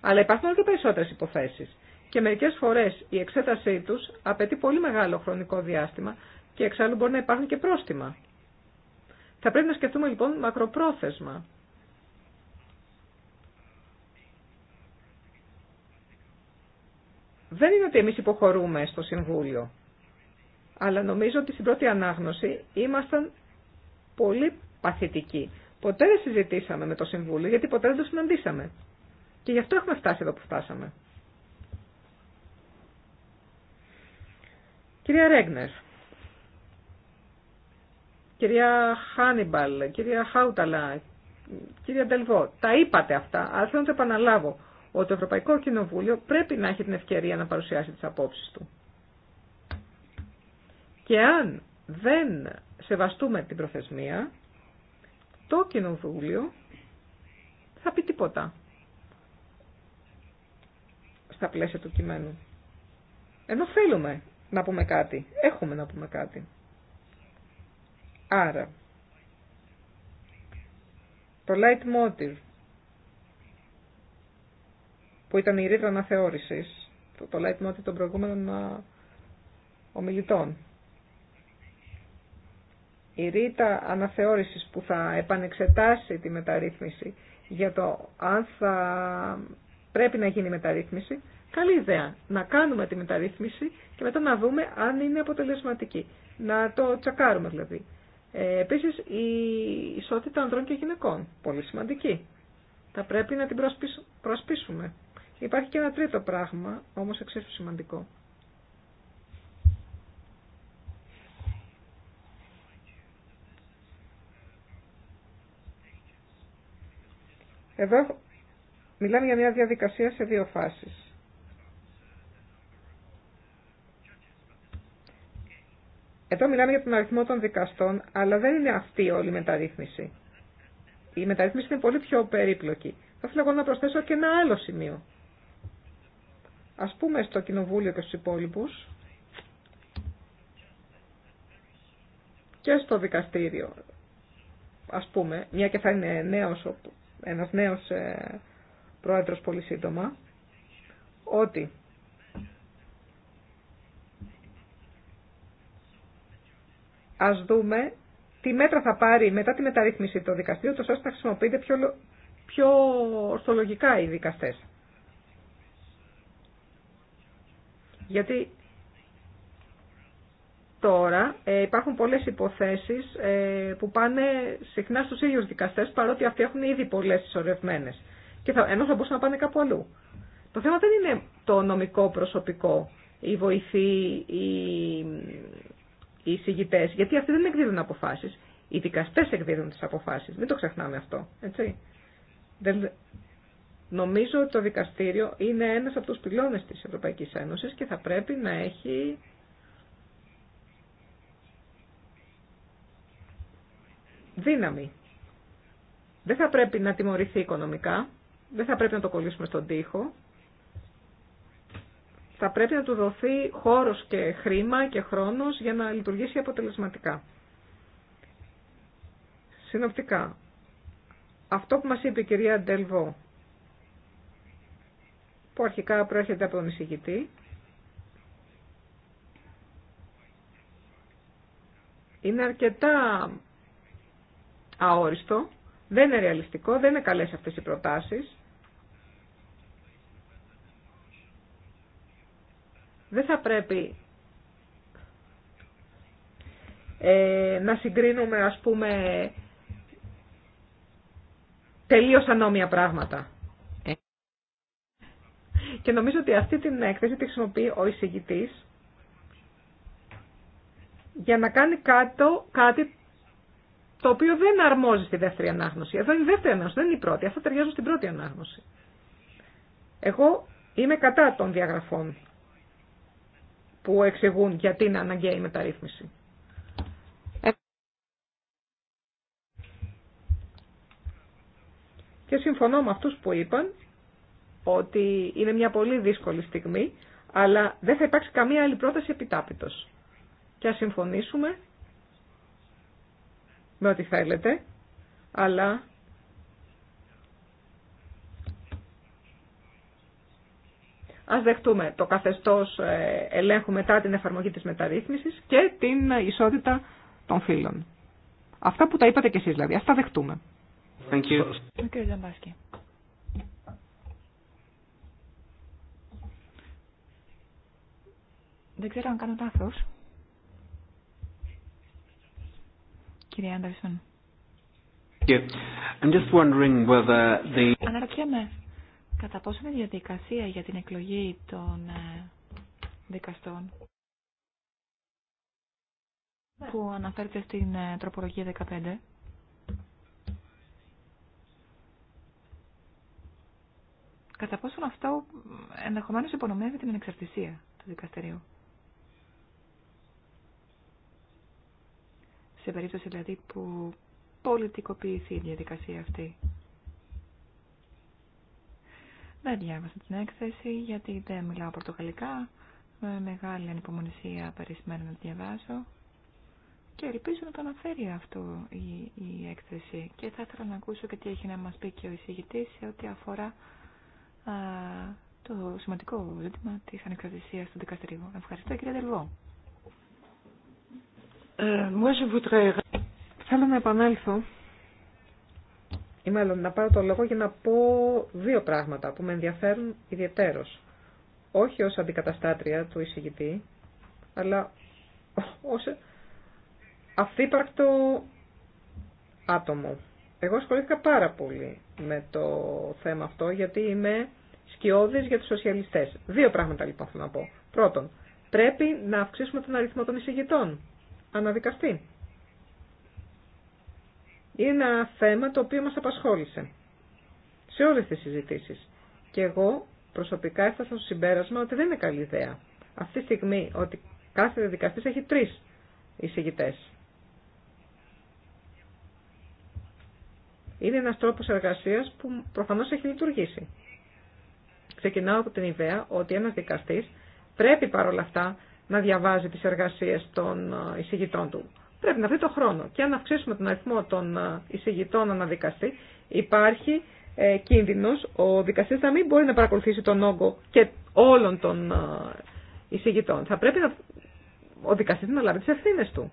Αλλά υπάρχουν και περισσότερε υποθέσει. Και μερικέ φορέ η εξέτασή του απαιτεί πολύ μεγάλο χρονικό διάστημα και εξάλλου μπορεί να υπάρχουν και πρόστιμα. Θα πρέπει να σκεφτούμε λοιπόν μακροπρόθεσμα. Δεν είναι ότι εμείς υποχωρούμε στο Συμβούλιο, αλλά νομίζω ότι στην πρώτη ανάγνωση ήμασταν πολύ παθητικοί. Ποτέ δεν συζητήσαμε με το Συμβούλιο, γιατί ποτέ δεν το συναντήσαμε. Και γι' αυτό έχουμε φτάσει εδώ που φτάσαμε. Κυρία Ρέγνερ, κυρία Χάνιμπαλ, κυρία Χάουταλα, κυρία Ντελβό, τα είπατε αυτά, αλλά θέλω να το επαναλάβω ότι το Ευρωπαϊκό Κοινοβούλιο πρέπει να έχει την ευκαιρία να παρουσιάσει τις απόψεις του. Και αν δεν σεβαστούμε την προθεσμία, το Κοινοβούλιο θα πει τίποτα στα πλαίσια του κειμένου. Ενώ θέλουμε να πούμε κάτι, έχουμε να πούμε κάτι. Άρα, το light motive που ήταν η ρήτρα αναθεώρησης, το, το light motive των προηγούμενων ομιλητών, η ρήτρα αναθεώρησης που θα επανεξετάσει τη μεταρρύθμιση για το αν θα πρέπει να γίνει μεταρρύθμιση, καλή ιδέα να κάνουμε τη μεταρρύθμιση και μετά να δούμε αν είναι αποτελεσματική. Να το τσακάρουμε δηλαδή. Ε, επίσης η ισότητα ανδρών και γυναικών, πολύ σημαντική. Θα πρέπει να την προσπίσουμε. Υπάρχει και ένα τρίτο πράγμα, όμως εξίσου σημαντικό. Εδώ μιλάμε για μια διαδικασία σε δύο φάσεις. Εδώ μιλάμε για τον αριθμό των δικαστών, αλλά δεν είναι αυτή όλη η μεταρρύθμιση. Η μεταρρύθμιση είναι πολύ πιο περίπλοκη. Θα ήθελα εγώ να προσθέσω και ένα άλλο σημείο. Ας πούμε στο Κοινοβούλιο και στου υπόλοιπου. και στο δικαστήριο, ας πούμε, μια και θα είναι νέος, ένας νέος ε, πρόεδρος πολύ σύντομα, ότι ας δούμε τι μέτρα θα πάρει μετά τη μεταρρύθμιση το δικαστήριο, τόσο ώστε να χρησιμοποιείται πιο, πιο ορθολογικά οι δικαστές. Γιατί τώρα ε, υπάρχουν πολλές υποθέσεις ε, που πάνε συχνά στους ίδιους δικαστές, παρότι αυτοί έχουν ήδη πολλές ισορρευμένες. Και θα, ενώ θα μπορούσαν να πάνε κάπου αλλού. Το θέμα δεν είναι το νομικό προσωπικό, η βοηθή, η οι εισηγητέ, γιατί αυτοί δεν εκδίδουν αποφάσει. Οι δικαστέ εκδίδουν τι αποφάσει. Μην το ξεχνάμε αυτό. Έτσι. Δεν... Νομίζω ότι το δικαστήριο είναι ένας από τους πυλώνες της Ευρωπαϊκής Ένωσης και θα πρέπει να έχει δύναμη. Δεν θα πρέπει να τιμωρηθεί οικονομικά, δεν θα πρέπει να το κολλήσουμε στον τοίχο, θα πρέπει να του δοθεί χώρος και χρήμα και χρόνος για να λειτουργήσει αποτελεσματικά. Συνοπτικά, αυτό που μας είπε η κυρία Ντελβό, που αρχικά προέρχεται από τον εισηγητή, είναι αρκετά αόριστο, δεν είναι ρεαλιστικό, δεν είναι καλές αυτές οι προτάσεις. δεν θα πρέπει ε, να συγκρίνουμε ας πούμε τελείως ανώμια πράγματα. Ε. Και νομίζω ότι αυτή την έκθεση τη χρησιμοποιεί ο εισηγητής για να κάνει κάτι το οποίο δεν αρμόζει στη δεύτερη ανάγνωση. Εδώ είναι η δεύτερη ανάγνωση, δεν είναι η πρώτη. Αυτά ταιριάζουν στην πρώτη ανάγνωση. Εγώ είμαι κατά των διαγραφών που εξηγούν γιατί είναι αναγκαία η μεταρρύθμιση. Και συμφωνώ με αυτούς που είπαν ότι είναι μια πολύ δύσκολη στιγμή, αλλά δεν θα υπάρξει καμία άλλη πρόταση επιτάπητος. Και ας συμφωνήσουμε με ό,τι θέλετε, αλλά Ας δεχτούμε το καθεστώς ε, ελέγχου μετά την εφαρμογή της μεταρρύθμισης και την ισότητα των φύλων. Αυτά που τα είπατε κι εσείς δηλαδή, ας τα δεχτούμε. Thank you. Δεν ξέρω αν κάνω λάθο. Κύριε Άντερσον. I'm just wondering whether the... Αναρωτιέμαι Κατά πόσο είναι η διαδικασία για την εκλογή των ε, δικαστών ναι. που αναφέρεται στην ε, τροπολογία 15. Κατά πόσο αυτό ε, ενδεχομένως υπονομεύει την εξαρτησία του δικαστηρίου. Σε περίπτωση δηλαδή που πολιτικοποιηθεί η διαδικασία αυτή. Δεν διάβασα την έκθεση γιατί δεν μιλάω πορτογαλικά. Με μεγάλη ανυπομονησία περισμένα να τη διαβάσω. Και ελπίζω να το αναφέρει αυτό η, έκθεση. Και θα ήθελα να ακούσω και τι έχει να μας πει και ο εισηγητή σε ό,τι αφορά το σημαντικό ζήτημα τη ανεξαρτησίας του δικαστηρίου. Ευχαριστώ κύριε Δελβό. Ε, Θέλω να επανέλθω ή μάλλον να πάρω το λόγο για να πω δύο πράγματα που με ενδιαφέρουν ιδιαιτέρως. Όχι ως αντικαταστάτρια του εισηγητή, αλλά ως αφύπαρκτο άτομο. Εγώ ασχολήθηκα πάρα πολύ με το θέμα αυτό, γιατί είμαι σκιώδης για τους σοσιαλιστές. Δύο πράγματα λοιπόν θέλω να πω. Πρώτον, πρέπει να αυξήσουμε τον αριθμό των εισηγητών. Αναδικαστεί είναι ένα θέμα το οποίο μας απασχόλησε σε όλες τις συζητήσεις. Και εγώ προσωπικά έφτασα στο συμπέρασμα ότι δεν είναι καλή ιδέα. Αυτή τη στιγμή ότι κάθε δικαστής έχει τρεις εισηγητές. Είναι ένας τρόπος εργασίας που προφανώς έχει λειτουργήσει. Ξεκινάω από την ιδέα ότι ένας δικαστής πρέπει παρόλα αυτά να διαβάζει τις εργασίες των εισηγητών του. Πρέπει να βρει το χρόνο. Και αν αυξήσουμε τον αριθμό των ε, εισηγητών αναδικαστή, υπάρχει ε, κίνδυνος ο δικαστής να μην μπορεί να παρακολουθήσει τον όγκο και όλων των ε, εισηγητών. Θα πρέπει να, ο δικαστής να λάβει τις ευθύνε του.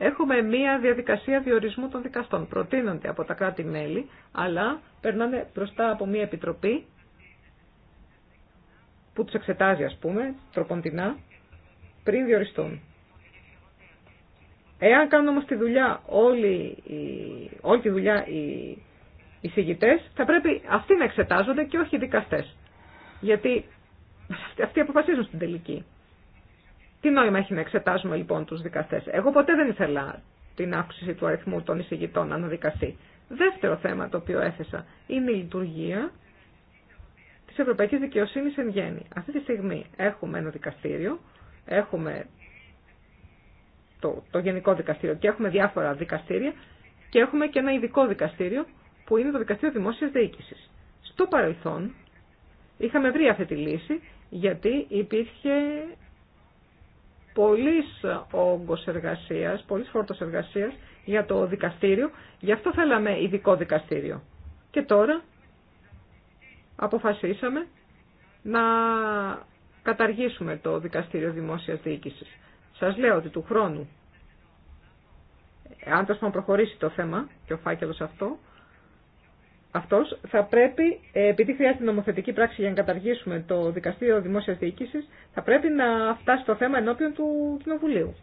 Έχουμε μία διαδικασία διορισμού των δικαστών. Προτείνονται από τα κράτη-μέλη, αλλά περνάνε μπροστά από μία επιτροπή που τους εξετάζει, ας πούμε, τροποντινά πριν διοριστούν. Εάν κάνουν όμως τη δουλειά, όλη, όλη τη δουλειά οι εισηγητές, θα πρέπει αυτοί να εξετάζονται και όχι οι δικαστές. Γιατί αυτοί αποφασίζουν στην τελική. Τι νόημα έχει να εξετάζουμε λοιπόν τους δικαστές. Εγώ ποτέ δεν ήθελα την αύξηση του αριθμού των εισηγητών αναδικαστή. Δεύτερο θέμα το οποίο έθεσα είναι η λειτουργία της Ευρωπαϊκής Δικαιοσύνης εν γέννη. Αυτή τη στιγμή έχουμε ένα δικαστήριο Έχουμε το, το Γενικό Δικαστήριο και έχουμε διάφορα δικαστήρια και έχουμε και ένα ειδικό δικαστήριο που είναι το Δικαστήριο Δημόσιας Διοίκησης. Στο παρελθόν είχαμε βρει αυτή τη λύση γιατί υπήρχε πολλή όγκο εργασία, πολλή φορτο εργασίας για το δικαστήριο. Γι' αυτό θέλαμε ειδικό δικαστήριο. Και τώρα αποφασίσαμε να καταργήσουμε το Δικαστήριο Δημόσιας Διοίκησης. Σας λέω ότι του χρόνου, αν τόσο προχωρήσει το θέμα και ο φάκελος αυτό, αυτός θα πρέπει, ε, επειδή χρειάζεται νομοθετική πράξη για να καταργήσουμε το Δικαστήριο Δημόσιας Διοίκησης, θα πρέπει να φτάσει το θέμα ενώπιον του Κοινοβουλίου.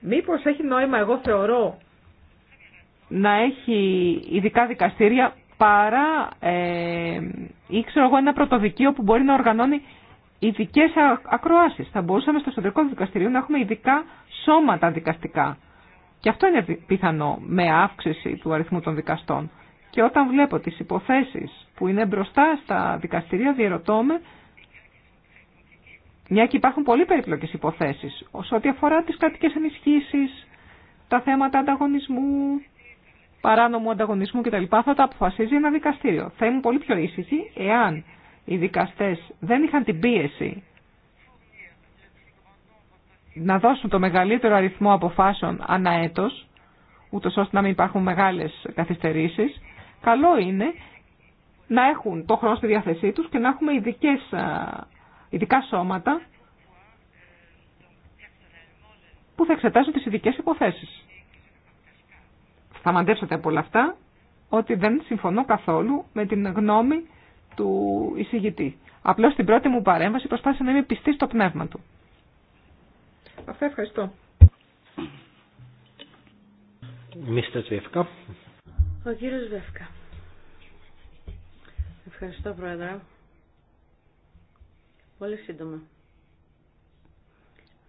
Μήπως έχει νόημα, εγώ θεωρώ, να έχει ειδικά δικαστήρια παρά ε, ή ξέρω εγώ ένα πρωτοδικείο που μπορεί να οργανώνει ειδικέ ακροάσει. Θα μπορούσαμε στο εσωτερικό δικαστηρίο να έχουμε ειδικά σώματα δικαστικά. Και αυτό είναι πιθανό με αύξηση του αριθμού των δικαστών. Και όταν βλέπω τις υποθέσεις που είναι μπροστά στα δικαστηρία, διερωτώ μια και υπάρχουν πολύ περίπλοκες υποθέσεις, όσο ό,τι αφορά τις κρατικές ενισχύσεις, τα θέματα ανταγωνισμού, παράνομου ανταγωνισμού κτλ. Θα τα αποφασίζει ένα δικαστήριο. Θα ήμουν πολύ πιο ήσυχη εάν οι δικαστές δεν είχαν την πίεση να δώσουν το μεγαλύτερο αριθμό αποφάσεων ανά έτος, ούτως ώστε να μην υπάρχουν μεγάλες καθυστερήσεις, καλό είναι να έχουν το χρόνο στη διάθεσή τους και να έχουμε ειδικά σώματα που θα εξετάζουν τις ειδικές υποθέσεις θα μαντέψετε από όλα αυτά ότι δεν συμφωνώ καθόλου με την γνώμη του εισηγητή. Απλώς στην πρώτη μου παρέμβαση προσπάθησα να είμαι πιστή στο πνεύμα του. Αυτά ευχαριστώ. Ο κύριος Βεύκα. Ευχαριστώ, Πρόεδρε. Πολύ σύντομα.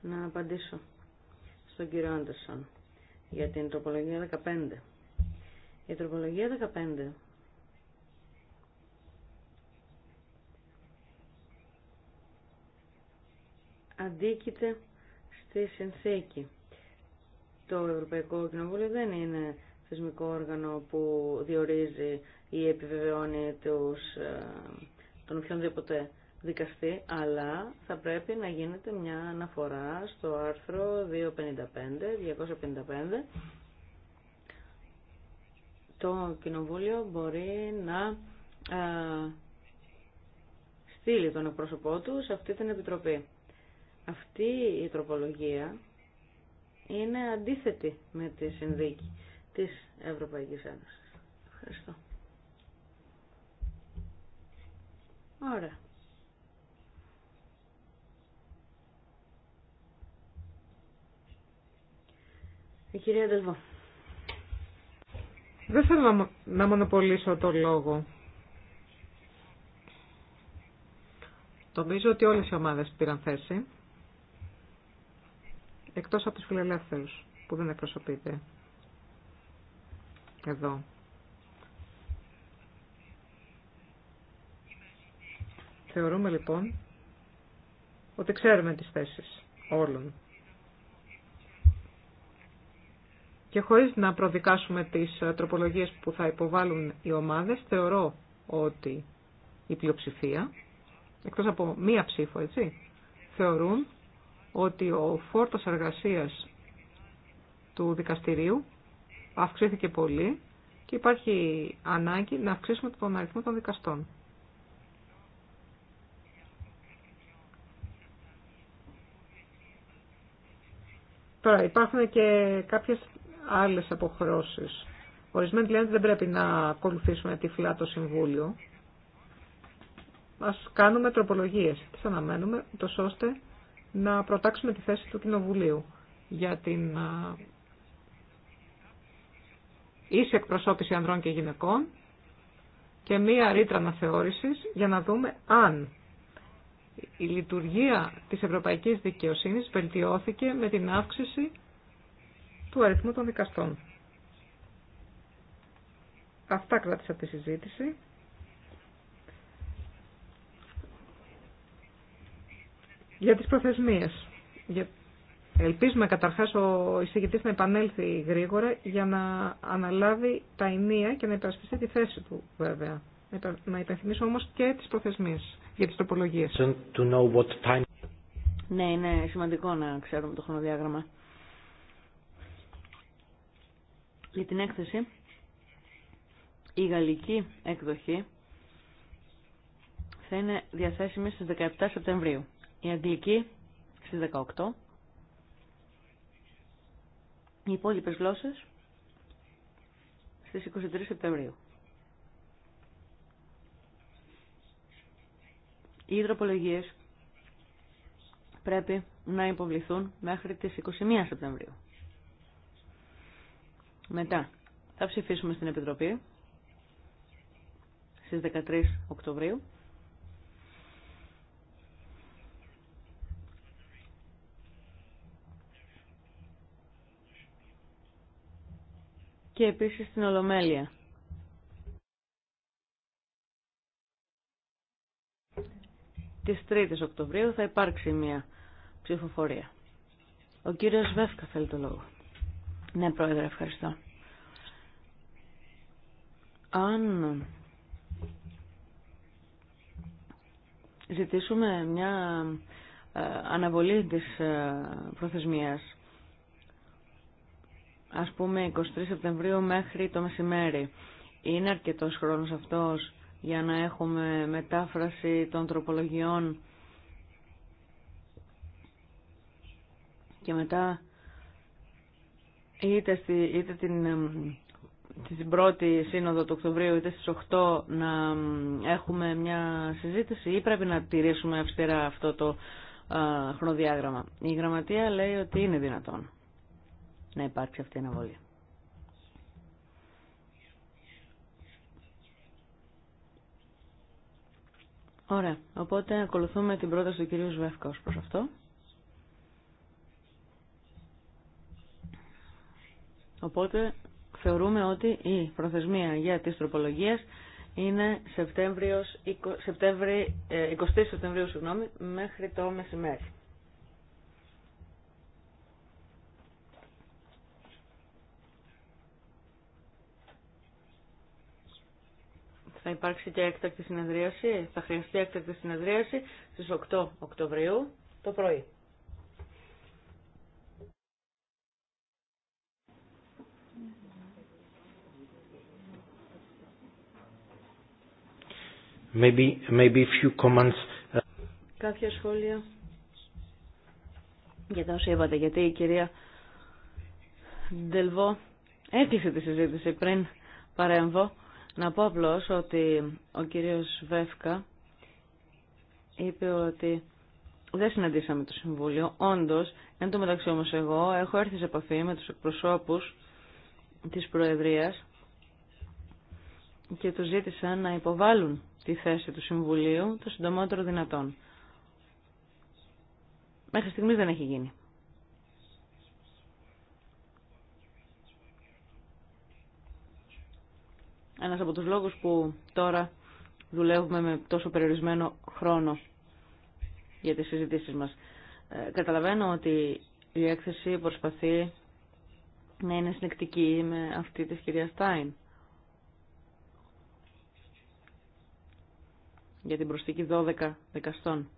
Να απαντήσω στον κύριο Άντερσον για την τροπολογία 15. Η τροπολογία 15 αντίκειται στη συνθήκη. Το Ευρωπαϊκό Κοινοβούλιο δεν είναι θεσμικό όργανο που διορίζει ή επιβεβαιώνει τους, ε, τον οποιονδήποτε Δικαστή αλλά θα πρέπει να γίνεται μια αναφορά στο άρθρο 255, 255. Το Κοινοβούλιο μπορεί να στείλει τον εκπρόσωπό του σε αυτή την Επιτροπή. Αυτή η τροπολογία είναι αντίθετη με τη συνδίκη της Ευρωπαϊκής Ένωσης. Ευχαριστώ. Ωραία. Η κυρία Δεν θέλω να μονοπολίσω το λόγο. Νομίζω ότι όλες οι ομάδες πήραν θέση, εκτός από τους φιλελεύθερους που δεν εκπροσωπείται εδώ. Θεωρούμε λοιπόν ότι ξέρουμε τις θέσεις όλων. Και χωρίς να προδικάσουμε τις ε, τροπολογίες που θα υποβάλουν οι ομάδες, θεωρώ ότι η πλειοψηφία, εκτός από μία ψήφο, έτσι, θεωρούν ότι ο φόρτος εργασίας του δικαστηρίου αυξήθηκε πολύ και υπάρχει ανάγκη να αυξήσουμε τον αριθμό των δικαστών. Τώρα υπάρχουν και κάποιες άλλες αποχρώσεις. Ορισμένοι λένε ότι δεν πρέπει να ακολουθήσουμε τυφλά το Συμβούλιο. Ας κάνουμε τροπολογίες. Τι αναμένουμε, τόσο ώστε να προτάξουμε τη θέση του Κοινοβουλίου για την ίση εκπροσώπηση ανδρών και γυναικών και μία ρήτρα αναθεώρησης για να δούμε αν η λειτουργία της ευρωπαϊκής δικαιοσύνης βελτιώθηκε με την αύξηση του αριθμού των δικαστών. Αυτά κράτησα τη συζήτηση. Για τις προθεσμίες. Ελπίζουμε καταρχάς ο εισηγητής να επανέλθει γρήγορα για να αναλάβει τα ενία και να υπερασπιστεί τη θέση του βέβαια. Να υπενθυμίσω όμως και τις προθεσμίες για τις τροπολογίες. Ναι, είναι σημαντικό να ξέρουμε το χρονοδιάγραμμα. για την έκθεση. Η γαλλική εκδοχή θα είναι διαθέσιμη στις 17 Σεπτεμβρίου. Η αγγλική στις 18. Οι υπόλοιπες γλώσσες στις 23 Σεπτεμβρίου. Οι υδροπολογίες πρέπει να υποβληθούν μέχρι τις 21 Σεπτεμβρίου. Μετά θα ψηφίσουμε στην Επιτροπή στις 13 Οκτωβρίου. Και επίσης στην Ολομέλεια. Τις 3 Οκτωβρίου θα υπάρξει μια ψηφοφορία. Ο κύριος Βεύκα θέλει το λόγο. Ναι, Πρόεδρε, ευχαριστώ. Αν ζητήσουμε μια ε, αναβολή της ε, προθεσμίας, ας πούμε 23 Σεπτεμβρίου μέχρι το μεσημέρι, είναι αρκετός χρόνος αυτός για να έχουμε μετάφραση των τροπολογιών και μετά είτε, στη, είτε την, την πρώτη σύνοδο του Οκτωβρίου είτε στις 8 να έχουμε μια συζήτηση ή πρέπει να τηρήσουμε αυστηρά αυτό το χρονοδιάγραμμα. Η γραμματεία λέει ότι είναι δυνατόν να υπάρξει αυτή η αναβολή. Ωραία. Οπότε ακολουθούμε την πρόταση του κυρίου Σβεύκα ως προς αυτό. Οπότε θεωρούμε ότι η προθεσμία για τις τροπολογίες είναι 20, 23 ε, Σεπτεμβρίου συγγνώμη, μέχρι το μεσημέρι. Θα υπάρξει και έκτακτη συνεδρίαση, θα χρειαστεί έκτακτη συνεδρίαση στις 8 Οκτωβρίου το πρωί. Maybe, maybe few comments. Uh, Κάποια σχόλια για τα όσα είπατε, γιατί η κυρία Ντελβό έκλεισε τη συζήτηση πριν παρέμβω. Να πω ότι ο κύριος Βέφκα είπε ότι δεν συναντήσαμε το Συμβούλιο. Όντως, εν τω μεταξύ όμως εγώ έχω έρθει σε επαφή με τους εκπροσώπους της Προεδρίας και τους ζήτησα να υποβάλουν τη θέση του Συμβουλίου το συντομότερο δυνατόν. Μέχρι στιγμής δεν έχει γίνει. Ένας από τους λόγους που τώρα δουλεύουμε με τόσο περιορισμένο χρόνο για τις συζητήσεις μας. Ε, καταλαβαίνω ότι η έκθεση προσπαθεί να είναι συνεκτική με αυτή της κυρία Στάιν. για την προσθήκη 12 δικαστών.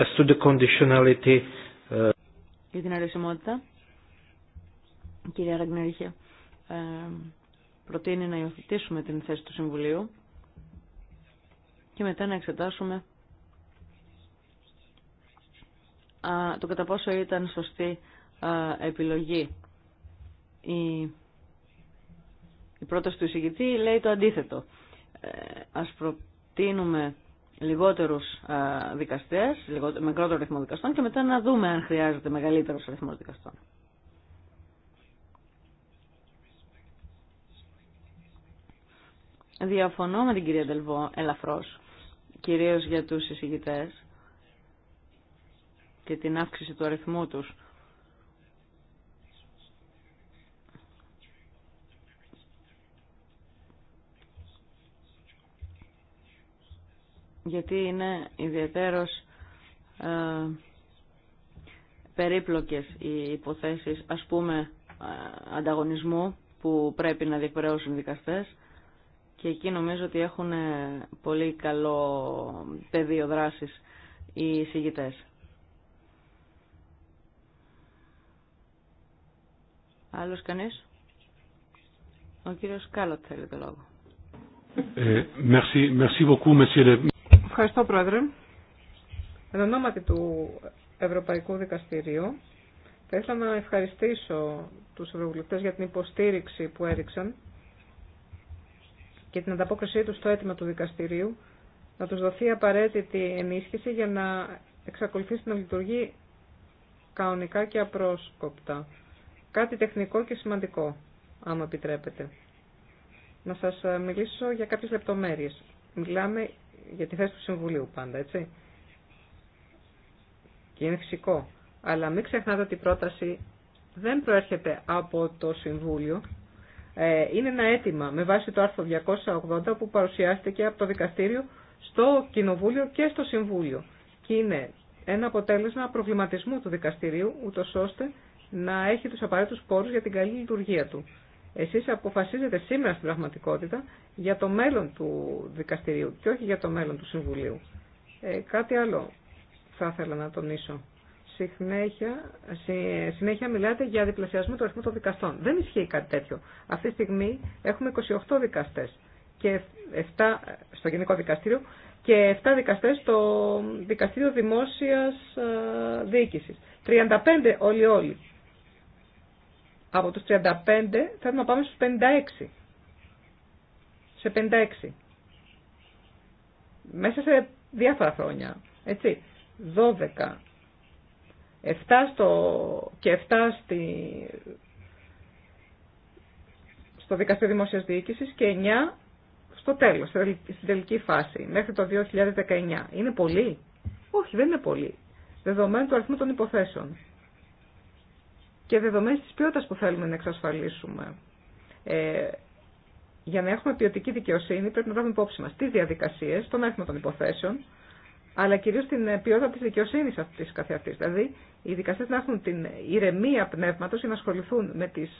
As to the conditionality, uh, Για την αρισιμότητα, κυρία Ραγνέριχε ε, προτείνει να υιοθετήσουμε την θέση του Συμβουλίου και μετά να εξετάσουμε το κατά πόσο ήταν σωστή επιλογή η η πρόταση του εισηγητή λέει το αντίθετο. Ε, ας προτείνουμε λιγότερους δικαστέ, δικαστές, λιγότερο, μικρότερο αριθμό δικαστών και μετά να δούμε αν χρειάζεται μεγαλύτερος αριθμό δικαστών. Διαφωνώ με την κυρία Ντελβό ελαφρώς, κυρίως για τους εισηγητές και την αύξηση του αριθμού τους γιατί είναι ιδιαίτερος ε, περίπλοκες οι υποθέσεις ας πούμε ε, ανταγωνισμού που πρέπει να διεκπαιρεώσουν οι δικαστές και εκεί νομίζω ότι έχουν ε, πολύ καλό πεδίο δράσης οι συγητές. Άλλος κανείς? Ο κύριος Κάλλοτ θέλει το λόγο. Ε, merci, merci beaucoup, Ευχαριστώ, Πρόεδρε. Εν ονόματι του Ευρωπαϊκού Δικαστηρίου, θα ήθελα να ευχαριστήσω τους ευρωβουλευτές για την υποστήριξη που έδειξαν και την ανταπόκρισή τους στο αίτημα του δικαστηρίου να τους δοθεί απαραίτητη ενίσχυση για να εξακολουθήσει να λειτουργεί κανονικά και απρόσκοπτα. Κάτι τεχνικό και σημαντικό, αν επιτρέπετε. Να σας μιλήσω για κάποιες λεπτομέρειες. Μιλάμε για τη θέση του Συμβουλίου πάντα, έτσι. Και είναι φυσικό. Αλλά μην ξεχνάτε ότι η πρόταση δεν προέρχεται από το Συμβούλιο. Ε, είναι ένα αίτημα με βάση το άρθρο 280 που παρουσιάστηκε από το Δικαστήριο στο Κοινοβούλιο και στο Συμβούλιο. Και είναι ένα αποτέλεσμα προβληματισμού του Δικαστηρίου, ούτω ώστε να έχει τους απαραίτητους πόρους για την καλή λειτουργία του. Εσείς αποφασίζετε σήμερα στην πραγματικότητα για το μέλλον του δικαστηρίου και όχι για το μέλλον του Συμβουλίου. Ε, κάτι άλλο θα ήθελα να τονίσω. Συνέχεια, συνέχεια μιλάτε για διπλασιασμό του αριθμού των δικαστών. Δεν ισχύει κάτι τέτοιο. Αυτή τη στιγμή έχουμε 28 δικαστές και 7 στο Γενικό Δικαστήριο και 7 δικαστές στο Δικαστήριο Δημόσιας ε, Διοίκησης. 35 όλοι όλοι από τους 35 θέλουμε να πάμε στους 56. Σε 56. Μέσα σε διάφορα χρόνια. Έτσι. 12. 7 στο, και 7 στο Δικαστήριο Δημόσιας Διοίκησης και 9 στο τέλος, στην τελική φάση, μέχρι το 2019. Είναι πολύ? Όχι, δεν είναι πολύ. Δεδομένου του αριθμού των υποθέσεων και δεδομένες της ποιότητας που θέλουμε να εξασφαλίσουμε. Ε, για να έχουμε ποιοτική δικαιοσύνη πρέπει να λάβουμε υπόψη μας τις διαδικασίες, τον αριθμό των υποθέσεων, αλλά κυρίως την ποιότητα της δικαιοσύνης αυτής καθεαυτής. Δηλαδή, οι δικαστές να έχουν την ηρεμία πνεύματος για να ασχοληθούν με τις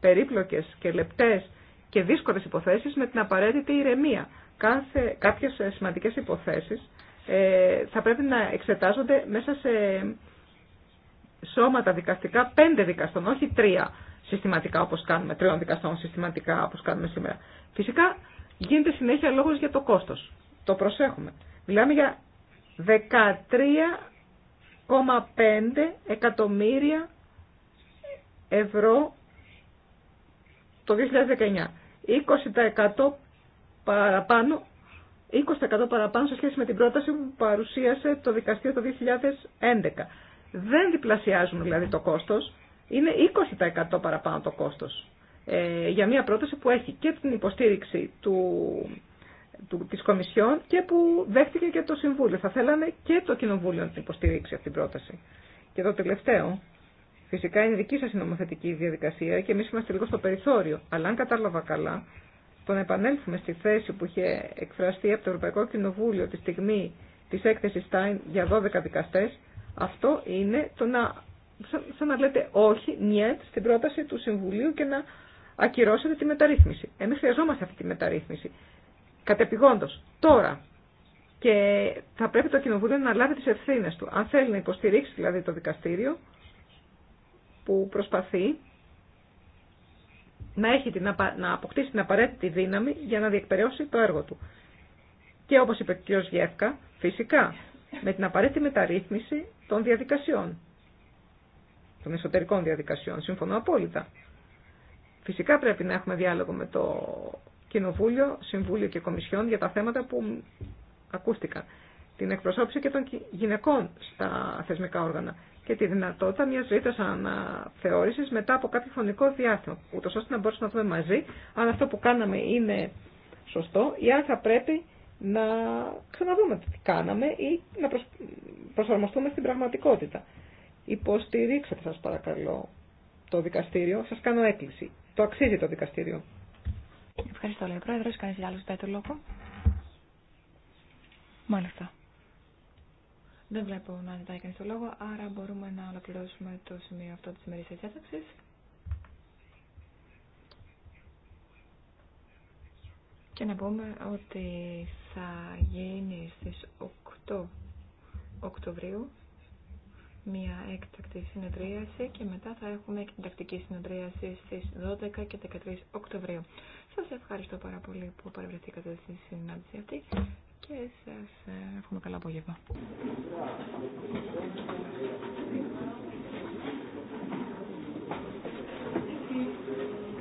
περίπλοκες και λεπτές και δύσκολες υποθέσεις με την απαραίτητη ηρεμία. Κάθε, κάποιες ε, σημαντικές υποθέσεις ε, θα πρέπει να εξετάζονται μέσα σε σώματα δικαστικά πέντε δικαστών, όχι τρία συστηματικά όπως κάνουμε, τριών δικαστών συστηματικά όπως κάνουμε σήμερα. Φυσικά γίνεται συνέχεια λόγος για το κόστος. Το προσέχουμε. Μιλάμε για 13,5 εκατομμύρια ευρώ το 2019. 20% παραπάνω 20% παραπάνω σε σχέση με την πρόταση που παρουσίασε το δικαστήριο το 2011. Δεν διπλασιάζουν δηλαδή το κόστος, είναι 20% παραπάνω το κόστος. Ε, για μια πρόταση που έχει και την υποστήριξη του, του, της Κομισιόν και που δέχτηκε και το Συμβούλιο. Θα θέλανε και το Κοινοβούλιο να την υποστηρίξει αυτή την πρόταση. Και το τελευταίο, φυσικά είναι δική σας η νομοθετική διαδικασία και εμείς είμαστε λίγο στο περιθώριο. Αλλά αν κατάλαβα καλά, το να επανέλθουμε στη θέση που είχε εκφραστεί από το Ευρωπαϊκό Κοινοβούλιο τη στιγμή της έκθεσης Stein για 12 δικαστές, αυτό είναι το να, σαν, να λέτε όχι, νιέτ, στην πρόταση του Συμβουλίου και να ακυρώσετε τη μεταρρύθμιση. Εμείς χρειαζόμαστε αυτή τη μεταρρύθμιση. Κατεπηγόντως, τώρα. Και θα πρέπει το Κοινοβούλιο να λάβει τις ευθύνες του. Αν θέλει να υποστηρίξει δηλαδή το δικαστήριο που προσπαθεί να, έχει την, να αποκτήσει την απαραίτητη δύναμη για να διεκπαιρεώσει το έργο του. Και όπως είπε ο κ. Γεύκα, φυσικά με την απαραίτητη μεταρρύθμιση των διαδικασιών, των εσωτερικών διαδικασιών. Συμφωνώ απόλυτα. Φυσικά πρέπει να έχουμε διάλογο με το Κοινοβούλιο, Συμβούλιο και Κομισιόν για τα θέματα που ακούστηκαν. Την εκπροσώπηση και των γυναικών στα θεσμικά όργανα και τη δυνατότητα μια ρήτρα αναθεώρηση μετά από κάποιο φωνικό διάστημα, ούτω ώστε να μπορούμε να δούμε μαζί αν αυτό που κάναμε είναι σωστό ή αν θα πρέπει να ξαναδούμε τι κάναμε ή να προσαρμοστούμε στην πραγματικότητα. Υποστηρίξτε σας παρακαλώ το δικαστήριο, σας κάνω έκκληση. Το αξίζει το δικαστήριο. Ευχαριστώ, λέει ο Πρόεδρος. Κανείς άλλος πέτει το λόγο. Μάλιστα. Δεν βλέπω να ζητάει κανείς το λόγο, άρα μπορούμε να ολοκληρώσουμε το σημείο αυτό της ημερήσιας εξέταξης. Και να πούμε ότι θα γίνει στις 8 Οκτωβρίου μια έκτακτη συνεδρίαση και μετά θα έχουμε τακτική συνεδρίαση στις 12 και 13 Οκτωβρίου. Σας ευχαριστώ πάρα πολύ που παρευρεθήκατε στη συνάντηση αυτή και σας εύχομαι καλά απόγευμα.